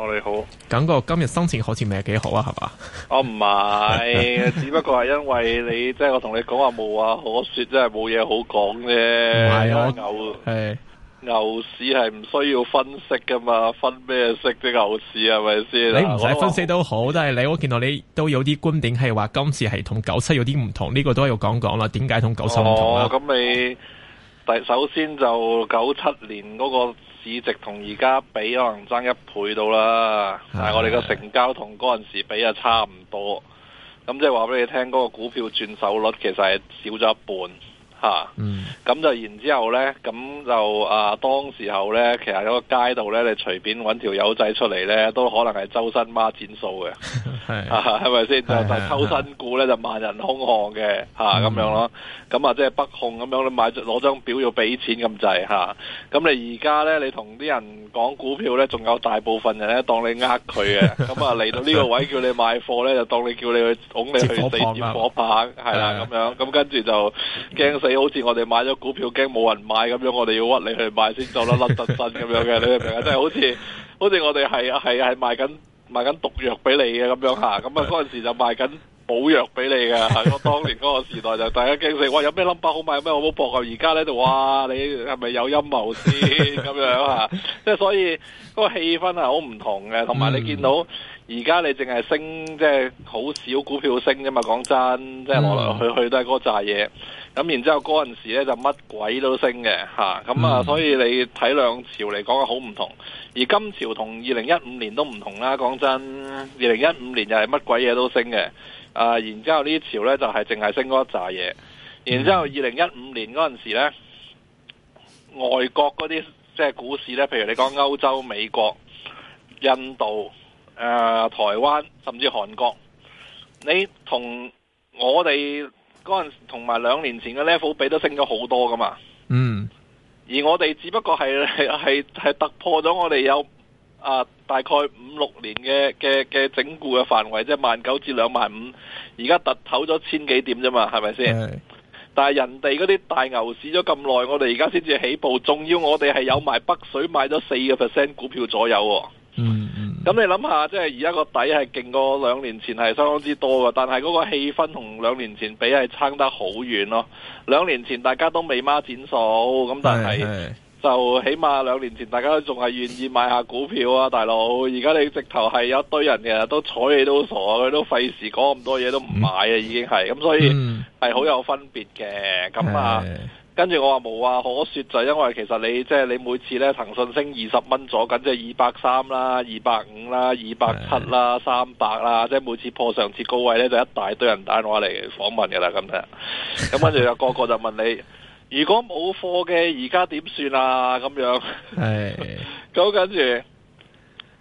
我、oh, 你好，感覺今日心情好似唔係幾好啊，係嘛？我唔係， 只不過係因為你即係我同你講話冇話可說，真係冇嘢好講啫。唔係我牛，係牛市係唔需要分析噶嘛？分咩色啫，牛市係咪先？你唔使分析都好， 但係你我見到你都有啲觀點係話今次係同九七有啲唔同，呢、這個都要講講啦。點解同九七唔同啊？咁你第首先就九七年嗰、那個。市值同而家比可能增一倍到啦，但係我哋嘅成交同嗰陣時比啊差唔多，咁即係話俾你聽嗰個股票轉手率其實係少咗一半。吓，咁就然之後咧，咁就啊，當時候咧，其實有個街道咧，你隨便揾條友仔出嚟咧，都可能係周身孖展數嘅，係，係咪先？就就抽新股咧，就萬人空巷嘅，吓咁樣咯。咁啊，即係北控咁樣，你買攞張表要俾錢咁滯吓。咁你而家咧，你同啲人講股票咧，仲有大部分人咧，當你呃佢嘅。咁啊，嚟到呢個位叫你買貨咧，就當你叫你去捅你去死接火棒，係啦咁樣。咁跟住就驚你好似我哋買咗股票驚冇人買咁樣，我哋要屈你去買先，做得甩得身咁樣嘅，你明唔明啊？即係好似好似我哋係啊係係賣緊賣緊毒藥俾你嘅咁樣吓，咁啊嗰陣時就賣緊補藥俾你嘅。我當年嗰個時代就大家驚死，哇！有咩諗法好買咩？有咩好搏啊！而家咧度，哇，你係咪有陰謀先咁樣吓？即係所以嗰個氣氛係好唔同嘅，同埋你見到而家你淨係升，即係好少股票升啫嘛。講真，即係來來去去都係嗰扎嘢。咁然之後嗰陣時咧就乜鬼都升嘅吓，咁啊，啊所以你睇兩朝嚟講好唔同，而今朝同二零一五年都唔同啦，啊。講真，二零一五年又係乜鬼嘢都升嘅，啊，然之後呢啲朝咧就係淨係升嗰一紮嘢。然之後二零一五年嗰陣時咧，外國嗰啲即係股市咧，譬如你講歐洲、美國、印度、誒、呃、台灣甚至韓國，你同我哋。嗰陣同埋兩年前嘅 level 比都升咗好多噶嘛，嗯，而我哋只不過係係係突破咗我哋有啊、呃、大概五六年嘅嘅嘅整固嘅範圍，即係萬九至兩萬五，而家突頭咗千幾點啫嘛，係咪先？是但係人哋嗰啲大牛市咗咁耐，我哋而家先至起步，仲要我哋係有埋北水買咗四個 percent 股票左右、哦。咁你諗下，即係而家個底係勁過兩年前係相當之多噶，但係嗰個氣氛同兩年前比係差得好遠咯。兩年前大家都未孖展數，咁但係就起碼兩年前大家都仲係願意買下股票啊，大佬。而家你直頭係有一堆人嘅都睬你都傻，啊。佢都費事講咁多嘢都唔買啊，已經係咁，所以係好有分別嘅。咁啊。跟住我話無話可説，就係因為其實你即係、就是、你每次咧騰訊升二十蚊咗緊，即係二百三啦、二百五啦、二百七啦、三百啦， 即係每次破上次高位咧，就是、一大堆人打我嚟訪問嘅啦咁樣。咁跟住個個就問你：如果冇貨嘅而家點算啊？咁樣。係 。咁跟住。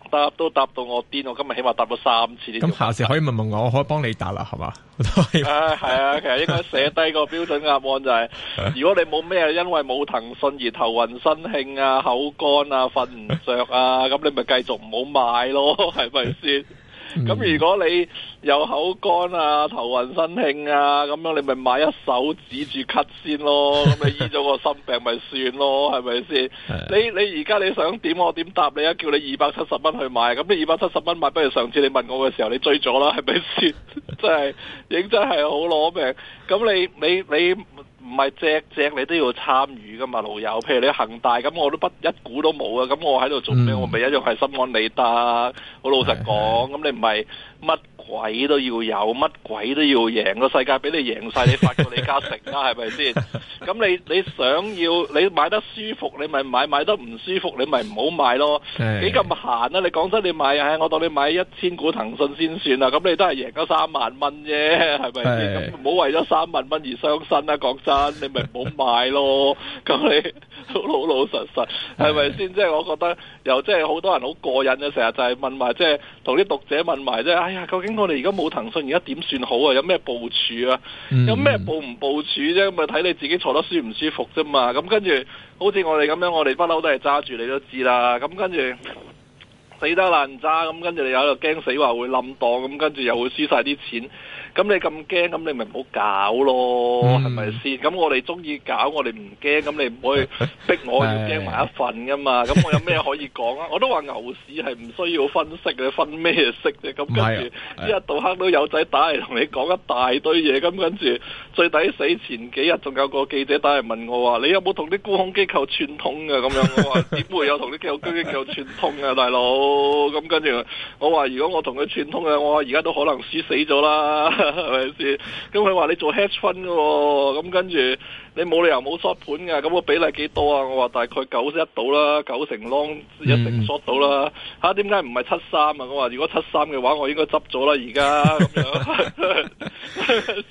答都答到我癲，我今日起碼答咗三次呢，咁下次可以問問我，我可以幫你答啦，係嘛？係、 哎、啊，其實應該寫低個標準答案就係、是：如果你冇咩，因為冇騰訊而頭暈身慶啊、口乾啊、瞓唔着啊，咁、哎、你咪繼續唔好買咯，係咪先？咁、哎、如果你有口乾啊，頭暈身興啊，咁樣你咪買一手指住咳先咯，咁你醫咗個心病咪算咯，係咪先？你你而家你想點我點答你啊？叫你二百七十蚊去買，咁你二百七十蚊買，不如上次你問我嘅時候你追咗啦，係咪先？ 真係影真係好攞命。咁你你你唔係只只你都要參與㗎嘛，老友。譬如你恒大咁，我都不一股都冇啊。咁我喺度做咩？嗯、我咪一樣係心安理得、啊。我老實講，咁你唔係。乜鬼都要有，乜鬼都要贏，個世界俾你贏晒，你發過李嘉誠啦，係咪先？咁你你想要你買得舒服，你咪買；買得唔舒服，你咪唔好買咯。幾咁閒啊？你講真，你買啊、哎，我當你買一千股騰訊先算啦。咁你都係贏咗三萬蚊啫，係咪？咁唔好為咗三萬蚊而傷身啦、啊。講真，你咪唔好買咯。咁你。老老實實，係咪先？是是 即係我覺得又即係好多人好過癮啊！成日就係問埋即係同啲讀者問埋即係。哎呀，究竟我哋而家冇騰訊而家點算好啊？有咩部署啊？有咩部唔部署啫？咁咪睇你自己坐得舒唔舒服啫嘛。咁，嗯嗯，跟住好似我哋咁樣，我哋不嬲都係揸住，你都知啦。咁，嗯，跟住死得爛渣，咁，嗯，跟住你又喺度驚死話會冧檔，咁，嗯，跟住又會輸晒啲錢。咁你咁驚，咁你咪唔好搞咯，係咪先？咁我哋中意搞，我哋唔驚，咁你唔 可以逼我要驚埋一份噶嘛？咁我有咩可以講啊？我都話牛市係唔需要分析嘅，分咩色啫？咁跟住，啊、一日到黑都有仔打嚟同你講一大堆嘢。咁跟住最抵死，前幾日仲有個記者打嚟問我話：你有冇同啲沽空機構串通啊？咁樣我話：點會有同啲機構機構串通啊， 大佬？咁跟住我話：如果我同佢串通嘅，我而家都可能輸死咗啦。係咪先？咁佢話你做 hedge fund 嘅喎，咁跟住，你冇理由冇 short 盤嘅，咁、個比例幾多啊？我話大概九一到啦，九成 long 一成 short 到啦。吓，點解唔係七三啊？我話如果七三嘅話，我應該執咗啦，而家咁樣，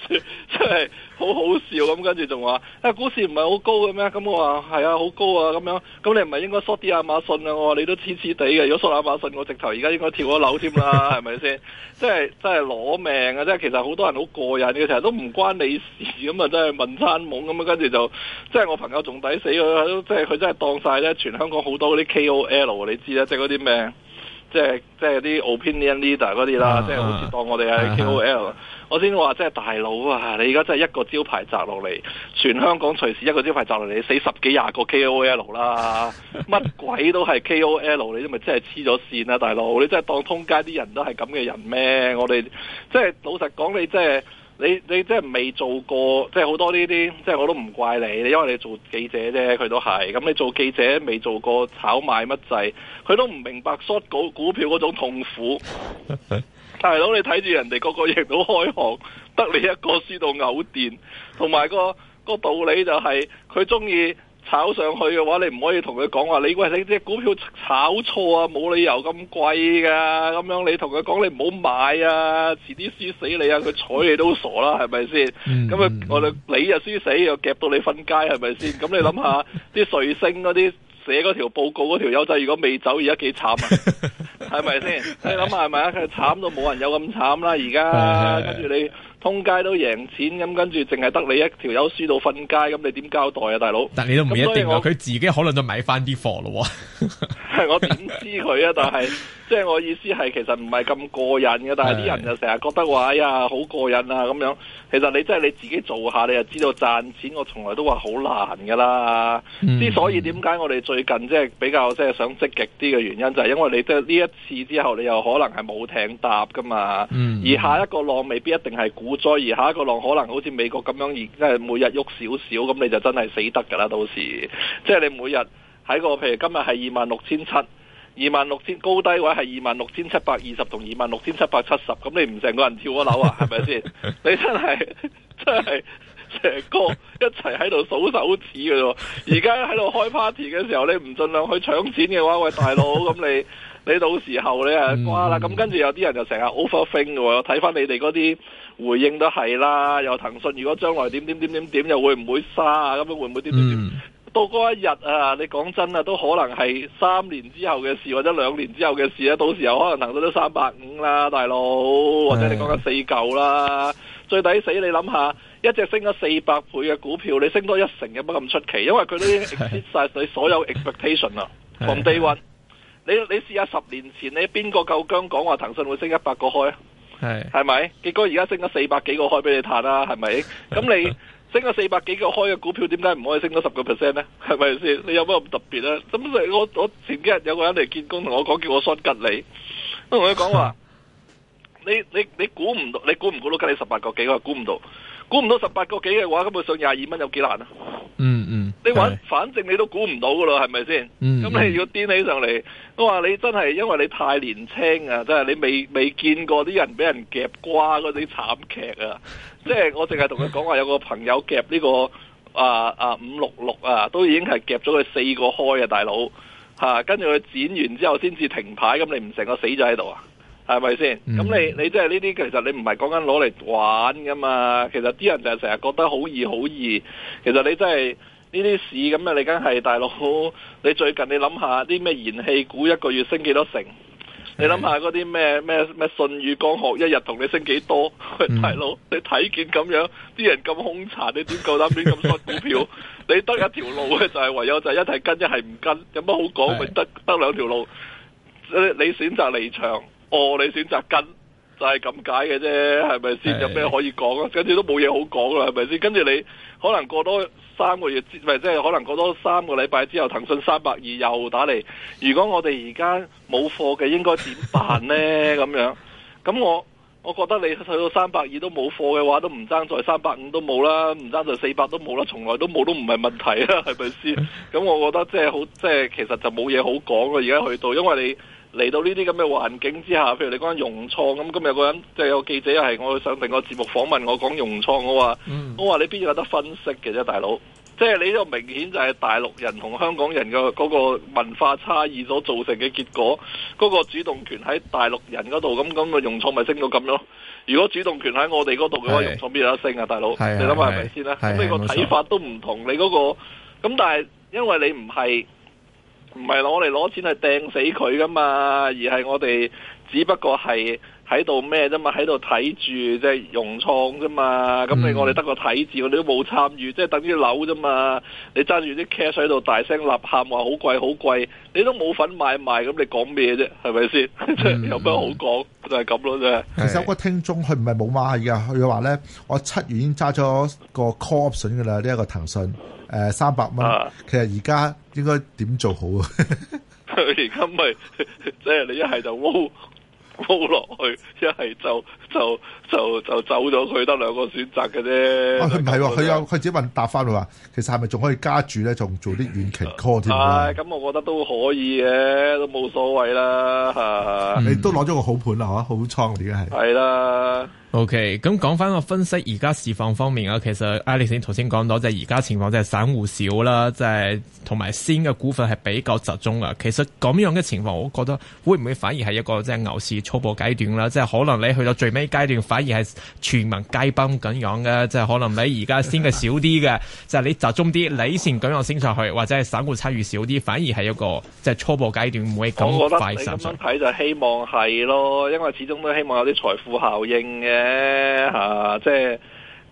即係好好笑咁。跟住仲話啊，股市唔係好高嘅咩？咁我話係、嗯、啊，好高啊，咁樣。咁你唔係應該 short 啲亞馬遜啊？我話你都黐黐地嘅，如果 short 亞馬遜，我直頭而家應該跳咗樓添啦，係咪先？即係即係攞命啊！即係其實好多人好過癮嘅，成日都唔關你事咁啊，真係問餐懵咁。跟住就，即係我朋友仲抵死佢，即係佢真係當晒咧，全香港好多嗰啲 KOL，你知啦， 即係嗰啲咩，即係即係啲 opinion leader 嗰啲啦，即係好似當我哋係 KOL，我先話即係大佬啊，你而家真係一個招牌摘落嚟，全香港隨時一個招牌摘落嚟，你死十幾廿個 KOL 啦，乜 鬼都係 KOL，你都咪真係黐咗線啦，大佬，你真係當通街啲人都係咁嘅人咩？我哋即係老實講，你真係。你你即係未做過，即係好多呢啲，即係我都唔怪你。因為你做記者啫，佢都係咁。你做記者未做過炒賣乜滯，佢都唔明白 short 股，股票嗰種痛苦。大佬，你睇住人哋個個贏到開行，得你一個輸到嘔電。同埋個個道理就係佢中意。炒上去嘅話，你唔可以同佢講話，你喂，你啲股票炒錯啊，冇理由咁貴㗎，咁樣你同佢講，你唔好買啊，遲啲輸死你啊，佢睬你都傻啦，係咪先？咁啊、嗯，我哋你又輸死又夾到你瞓街，係咪先？咁、嗯、你諗下，啲瑞星嗰啲寫嗰條報告嗰條友仔，如果未走，而家幾慘啊？係咪先？ 你諗下係咪啊？佢慘到冇人有咁慘啦，而家跟住你。通街都贏錢，咁跟住淨係得你一條友輸到瞓街，咁你點交代啊？大佬。但你都唔一定啊，佢 自己可能都買翻啲貨咯喎。 我點知佢、哎、啊？但係即係我意思係，其實唔係咁過癮嘅。但係啲人就成日覺得話呀，好過癮啊咁樣。其實你真係、就是、你自己做下，你就知道賺錢。我從來都話好難噶啦。之、嗯嗯、所以點解我哋最近即係比較即係、就是、想積極啲嘅原因，就係因為你即係呢一次之後，你又可能係冇艇搭噶嘛。嗯嗯，而下一個浪未必一定係股災，而下一個浪可能好似美國咁樣點點，而即係每日喐少少，咁你就真係死得噶啦。到時即係、就是、你每日。睇過譬如今日係二萬六千七，二萬六千高低位係二萬六千七百二十同二萬六千七百七十，咁你唔成個人跳咗樓啊？係咪先？你真係真係成哥一齊喺度數手指嘅，而家喺度開 party 嘅時候，你唔盡量去搶錢嘅話，lithium. 電 ups 喂大佬，咁你你到時候你啊瓜啦，咁跟住有啲人就成日 overthink 嘅，睇翻你哋嗰啲回應都係啦。又騰訊如果將來點點點點點又會唔會沙啊？咁樣會唔會點點點？到嗰一日啊，你講真啊，都可能係三年之後嘅事，或者兩年之後嘅事啊。到時候可能能到都三百五啦，大佬，或者你講緊四嚿啦。 最抵死你諗下，一隻升咗四百倍嘅股票，你升多一成有乜咁出奇？因為佢都已經 hit 曬所所有 expectation 啊。 from day one 你。你你試下十年前你邊個夠姜講話騰訊會升一百個開？係係咪？結果而家升咗四百幾個開俾你嘆啦，係咪？咁你。升咗四百幾個開嘅股票，點解唔可以升多十個 percent 咧？係咪先？你有咩咁特別咧？咁我我前幾日有個人嚟見工，同我講叫我 short 吉利，我同佢講話：你你你估唔到，你估唔估到吉利十八個幾？我估唔到，估唔到十八個幾嘅話，根本上廿二蚊有幾難啊？嗯嗯，嗯你搵說，的反正你都估唔到噶啦，係咪先？咁、嗯、你要癲起上嚟，我話你真係因為你太年青啊，真係你未未見過啲人俾人夾瓜嗰啲慘劇啊！即係我淨係同佢講話，有個朋友夾呢、這個啊啊五六六啊都已經係夾咗佢四個開大啊大佬吓，跟住佢剪完之後先至停牌，咁你唔成個死咗喺度啊？係咪先？咁、嗯、你你即係呢啲，其實你唔係講緊攞嚟玩噶嘛？其實啲人就係成日覺得好易好易，其實你真係呢啲市咁啊！你梗係，大佬，你最近你諗下啲咩燃氣股一個月升幾多成？你諗下嗰啲咩咩咩信譽光學一日同你升幾多呵呵，大佬你睇見咁樣，啲人咁凶殘，你點夠膽亂咁多股票？ 你得一條路嘅，就係唯有就係一係跟一係唔跟，有乜好講？咪得得兩條路，你選擇離場、哦、你選擇離場，我你選擇跟，就係咁解嘅啫，係咪先？ 有咩可以講啊？跟住都冇嘢好講啦，係咪先？跟住你可能過多三個月之，唔即係可能過多三個禮拜之後，騰訊三百二又打嚟。如果我哋而家冇貨嘅，應該點辦呢？咁樣，咁我我覺得你去到三百二都冇貨嘅話，都唔爭在三百五都冇啦，唔爭在四百都冇啦，從來都冇都唔係問題啦，係咪先？咁我覺得即係好，即係其實就冇嘢好講咯。而家去到，因為你。嚟到呢啲咁嘅環境之下，譬如你講融創咁，今日有個人即係、就是、有記者係我上另外節目訪問我講融創，我話：嗯、我話你邊有得分析嘅啫，大佬。即係你呢個明顯就係大陸人同香港人嘅嗰個文化差異所造成嘅結果。嗰、那個主動權喺大陸人嗰度，咁咁個融創咪升到咁咯？如果主動權喺我哋嗰度嘅話，融創邊有得升啊，大佬？的你諗下係咪先啦？咁你個睇法都唔同你嗰、那個。咁但係因為你唔係。唔係攞嚟攞錢係掟死佢噶嘛，而係我哋只不過係喺度咩啫嘛，喺度睇住即係融創啫嘛。咁你我哋得個睇字，我哋都冇參與，即係等於樓啫嘛。你揸住啲 cash 喺度大聲吶喊話好貴好貴，你都冇份買賣，咁你講咩啫？係咪先？ 有咩好講？就係咁咯，真係。其實我個聽眾佢唔係冇買噶，佢話咧我七月已經揸咗個 call 選噶啦，呢一個騰訊。誒，三百蚊，uh, 其實而家應該點做好啊？而家咪即係你一係就撈撈落去，一係 就。就就就走咗，佢得兩個選擇嘅啫。佢唔係，佢有佢自己問答翻佢話，其實係咪仲可以加注咧？仲做啲遠期 call 係咁，啊哎、我覺得都可以嘅，都冇所謂、啊嗯、啦。你都攞咗個好盤啦，吓，好倉，而家係。係啦，OK。咁講翻個分析，而家市況方面啊，其實 Alex 頭先講到，就係而家情況，就係散戶少啦，即係同埋先嘅股份係比較集中啊。其實咁樣嘅情況，我覺得會唔會反而係一個即係牛市初步階段啦？即、就、係、是、可能你去到最呢階段反而係全民皆兵咁樣嘅，即、就、係、是、可能你而家升嘅少啲嘅， 就係你集中啲理性咁樣升上去，或者係散戶參與少啲，反而係一個即係、就是、初步階段唔會咁快速上升。我覺得你咁樣睇就希望係咯，因為始終都希望有啲財富效應嘅嚇、啊，即係。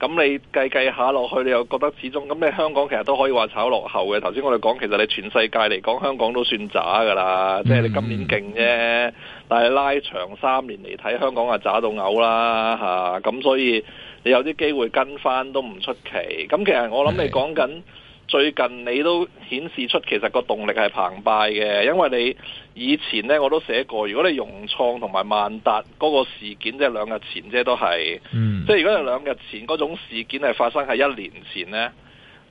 咁你計計下落去，你又覺得始終咁？你香港其實都可以話炒落後嘅。頭先我哋講，其實你全世界嚟講，香港都算渣㗎啦。即係你今年勁啫，但係拉長三年嚟睇，香港啊渣到嘔啦嚇。咁所以你有啲機會跟返都唔出奇。咁其實我諗你講緊。最近你都顯示出其實個動力係澎湃嘅，因為你以前呢，我都寫過，如果你融創同埋萬達嗰個事件，即係兩日前啫，都係，嗯，即係如果你兩日前嗰種事件係發生喺一年前呢，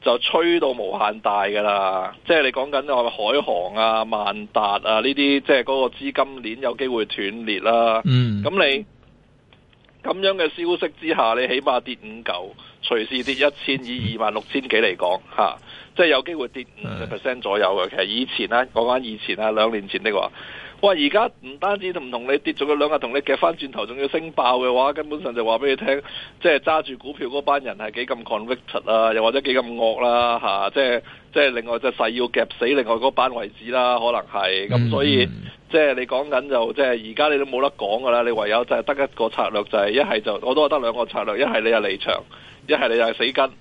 就吹到無限大㗎啦，即係你講緊我海航啊、萬達啊呢啲，即係嗰個資金鏈有機會斷裂啦、啊，嗯，咁你咁樣嘅消息之下，你起碼跌五嚿。隨時跌一千，以千，以二萬六千幾嚟講，嚇，即係有機會跌五十 percent 左右嘅。其實以前咧、啊，講返以前啊，兩年前嘅話，喂，而家唔單止唔同你跌咗個兩日，同你夾翻轉頭，仲要升爆嘅話，根本上就話俾你聽，即係揸住股票嗰班人係幾咁 convicted 啦、啊，又或者幾咁惡啦，嚇、啊，即係。即係另外隻勢要夾死另外嗰班位置啦，可能係咁，所以即係、就是、你講緊就即係而家你都冇得講㗎啦，你唯有就係得一個策略就係一係就我都話得兩個策略，一係你就離場，一係你就係死跟。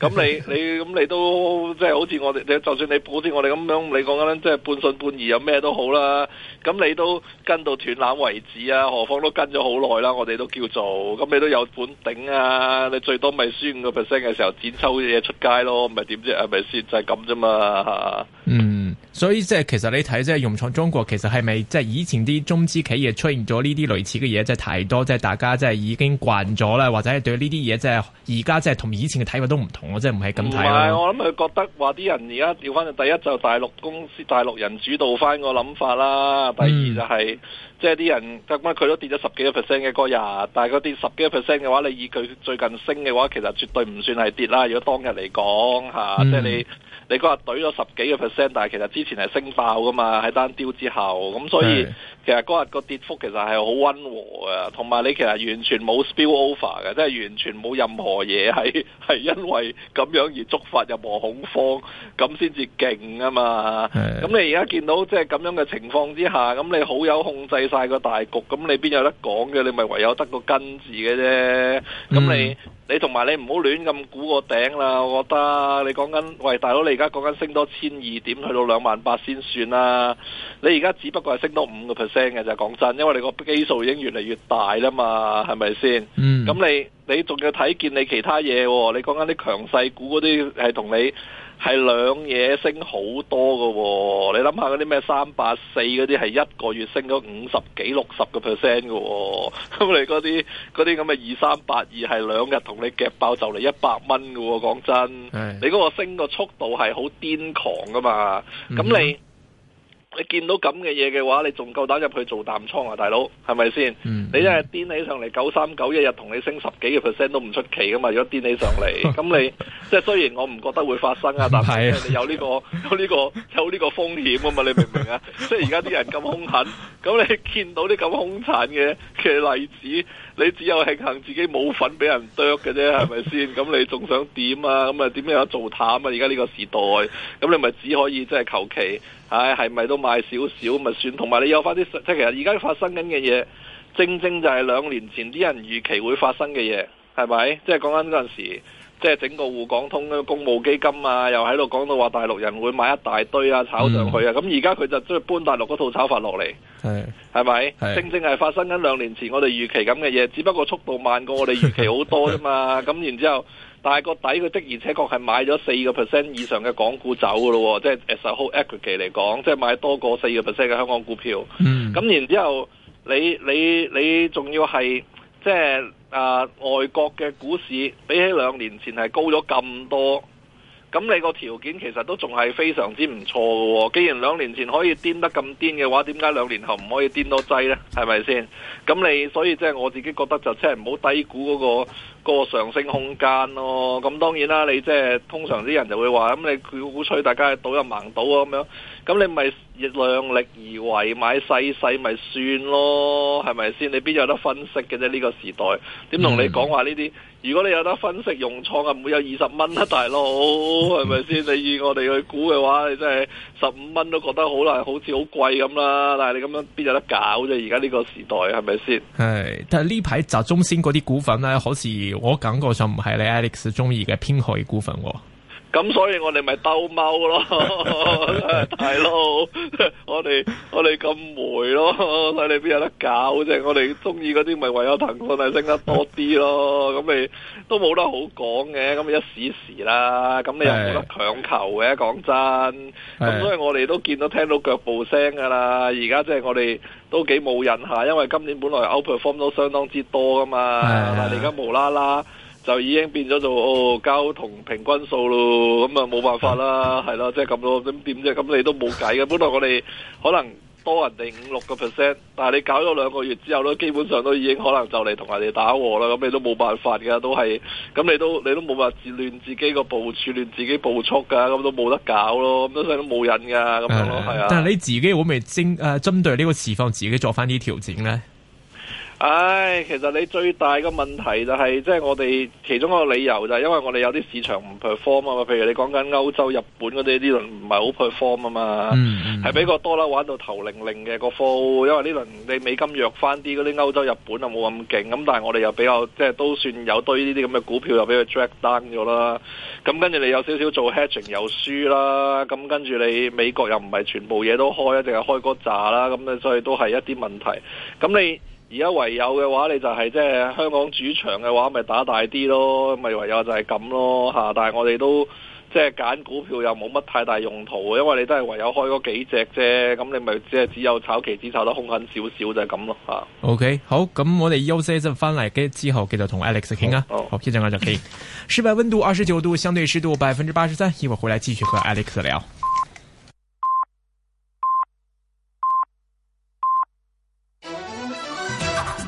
咁 iento 你你咁你都即係好似我哋，就算你好似我哋咁樣，你講緊即係半信半疑有咩都好啦。咁你都跟到斷纜為止啊？何況都跟咗好耐啦。我哋都叫做，咁你都有本頂啊？你最多咪輸五個 percent 嘅時候剪抽嘢出街咯，咪點啫？係咪先？就係咁啫嘛。嗯。subscribing 所以即係其實你睇即係融創中國，其實係咪即係以前啲中資企業出現咗呢啲類似嘅嘢，即係太多，即係大家即係已經慣咗啦，或者對呢啲嘢即係而家即係同以前嘅睇法都唔同，我即係唔係咁睇咯。唔係，我諗佢覺得話啲人而家調翻，第一就大陸公司、大陸人主導翻個諗法啦。第二就係、嗯、即係啲人咁佢都跌咗十幾個 percent 嘅嗰日，但係佢跌十幾個 percent 嘅話，你以佢最近升嘅話，其實絕對唔算係跌啦。如果當日嚟講吓，即係你。嗯你嗰日懟咗十幾個 percent，但係其實之前係升爆㗎嘛，喺單調之後，咁所以是其實嗰日個跌幅其實係好溫和啊。同埋你其實完全冇 spill over 嘅，即係完全冇任何嘢係係因為咁樣而觸發任何恐慌，咁先至勁啊嘛。咁是你而家見到即係咁樣嘅情況之下，咁你好有控制晒個大局，咁你邊有得講嘅？你咪唯有得個跟字嘅啫。咁你。嗯你同埋你唔好亂咁估個頂啦，我覺得你講緊，喂，大佬你而家講緊升多千二點去到兩萬八先算啦。你而家只不過係升多五個 percent 嘅啫，就係講真，因為你個基數已經越嚟越大啦嘛，係咪先？嗯，咁你。你仲要睇見你其他嘢、哦，你講緊啲強勢股嗰啲係同你係兩嘢升好多噶、哦，你諗下嗰啲咩三八四嗰啲係一個月升咗五十幾六十個 percent 噶，咁、哦、你嗰啲啲咁嘅二三八二係兩日同你夾爆就嚟一百蚊噶，講真，是你嗰個升個速度係好癲狂噶嘛，咁你。嗯你見到咁嘅嘢嘅話，你仲夠膽入去做淡倉啊，大佬？係咪先？嗯、你真係癲起上嚟，九三九一日同你升十幾個 percent 都唔出奇噶嘛，如果癲起上嚟，咁 你即係雖然我唔覺得會發生啊，但係你有呢個有呢個有呢個風險啊嘛，你明唔明啊？所以而家啲人咁兇狠，咁你見到啲咁兇殘嘅嘅例子。你只有慶幸自己冇份俾人啄嘅啫，係咪先？咁你仲想點啊？咁啊點樣做淡啊？而家呢個時代，咁你咪只可以、哎、是是點點即係求其，唉，係咪都賣少少咪算？同埋你有翻啲即係其實而家發生緊嘅嘢，正正就係兩年前啲人預期會發生嘅嘢，係咪？即係講緊嗰陣時。即係整個滬港通嘅公募基金啊，又喺度講到話大陸人會買一大堆啊，炒上去啊，咁而家佢就即係搬大陸嗰套炒法落嚟，係係咪？吧是正正係發生緊兩年前我哋預期咁嘅嘢，只不過速度慢過我哋預期好多啫嘛。咁 然之後，但係個底佢的而且確係買咗四個 percent 以上嘅港股走噶咯，啊，即係 as a whole equity 嚟講，即係買多過四個 percent 嘅香港股票。嗯。咁然之後，你你你仲要係。即係誒、呃，外國嘅股市比起兩年前係高咗咁多，咁你個條件其實都仲係非常之唔錯嘅。既然兩年前可以癲得咁癲嘅話，點解兩年後唔可以癲多劑呢？係咪先？咁你所以即係我自己覺得就即係唔好低估嗰個個上升空間咯。咁當然啦，你即係通常啲人就會話咁，你鼓吹大家去賭入盲賭啊咁樣。咁你咪亦量力而為買細細咪算咯，係咪先？你邊有得分析嘅啫？呢、這個時代點同你講話呢啲？嗯、如果你有得分析融創啊，唔會有二十蚊啦，大佬，係咪先？你以我哋去估嘅話，你真係十五蚊都覺得好難，好似好貴咁啦。但係你咁樣邊有得搞啫？而家呢個時代係咪先？係，但係呢排集中先嗰啲股份咧，好似我感覺上唔係你 Alex 中意嘅偏好股份。咁所以我哋咪兜踎咯，大佬 咯， 我哋我哋咁霉咯，所以你邊有得搞啫？我哋中意嗰啲咪唯有騰訊係升得多啲咯，咁 咪都冇得好講嘅，咁咪一時時啦，咁你又冇得強求嘅，講真。咁的所以我哋都見到聽到腳步聲噶啦，而家即係我哋都幾冇癮下，因為今年本來 outperform 都相當之多噶嘛，的但你而家無啦啦。就已經變咗做，哦，交同平均數咯，咁啊冇辦法啦，係咯、嗯，即係咁咯。咁點啫？咁你都冇計嘅。本來我哋可能多人哋五六個 percent，但係你搞咗兩個月之後咧，基本上都已經可能就嚟同人哋打和啦。咁你都冇辦法嘅，都係咁你都你都冇辦法亂自己個部署，亂自己步速噶，咁都冇得搞咯。咁所以都冇癮噶，咁樣咯，係啊的。但係你自己會唔會針誒針對呢個情況自己作翻啲調整咧？唉，其實你最大個問題就係、是，即係我哋其中一個理由就係，因為我哋有啲市場唔 perform 啊嘛，譬如你講緊歐洲、日本嗰啲呢輪唔係好 perform 啊嘛，係、嗯嗯、比較多啦玩到頭零零嘅個貨，因為呢輪你美金弱翻啲，嗰啲歐洲、日本又冇咁勁，咁但係我哋又比較即係都算有堆呢啲咁嘅股票又俾佢 drag down 咗啦，咁跟住你有少少做 hedging 又輸啦，咁跟住你美國又唔係全部嘢都開，淨係開嗰扎啦，咁所以都係一啲問題，咁你。而家唯有嘅話，你就係即係香港主場嘅話，咪打大啲咯，咪唯有就係咁咯吓。但係我哋都即係揀股票又冇乜太大用途，因為你都係唯有開嗰幾隻啫。咁你咪即係只有炒期指炒得兇狠少少就係咁咯吓。OK，好，咁我哋休息一陣翻嚟之後繼續同 Alex 傾啊。好，一陣間繼續傾。室 外溫度二十九度，相對濕度百分之八十三。一會回來繼續和 Alex 聊。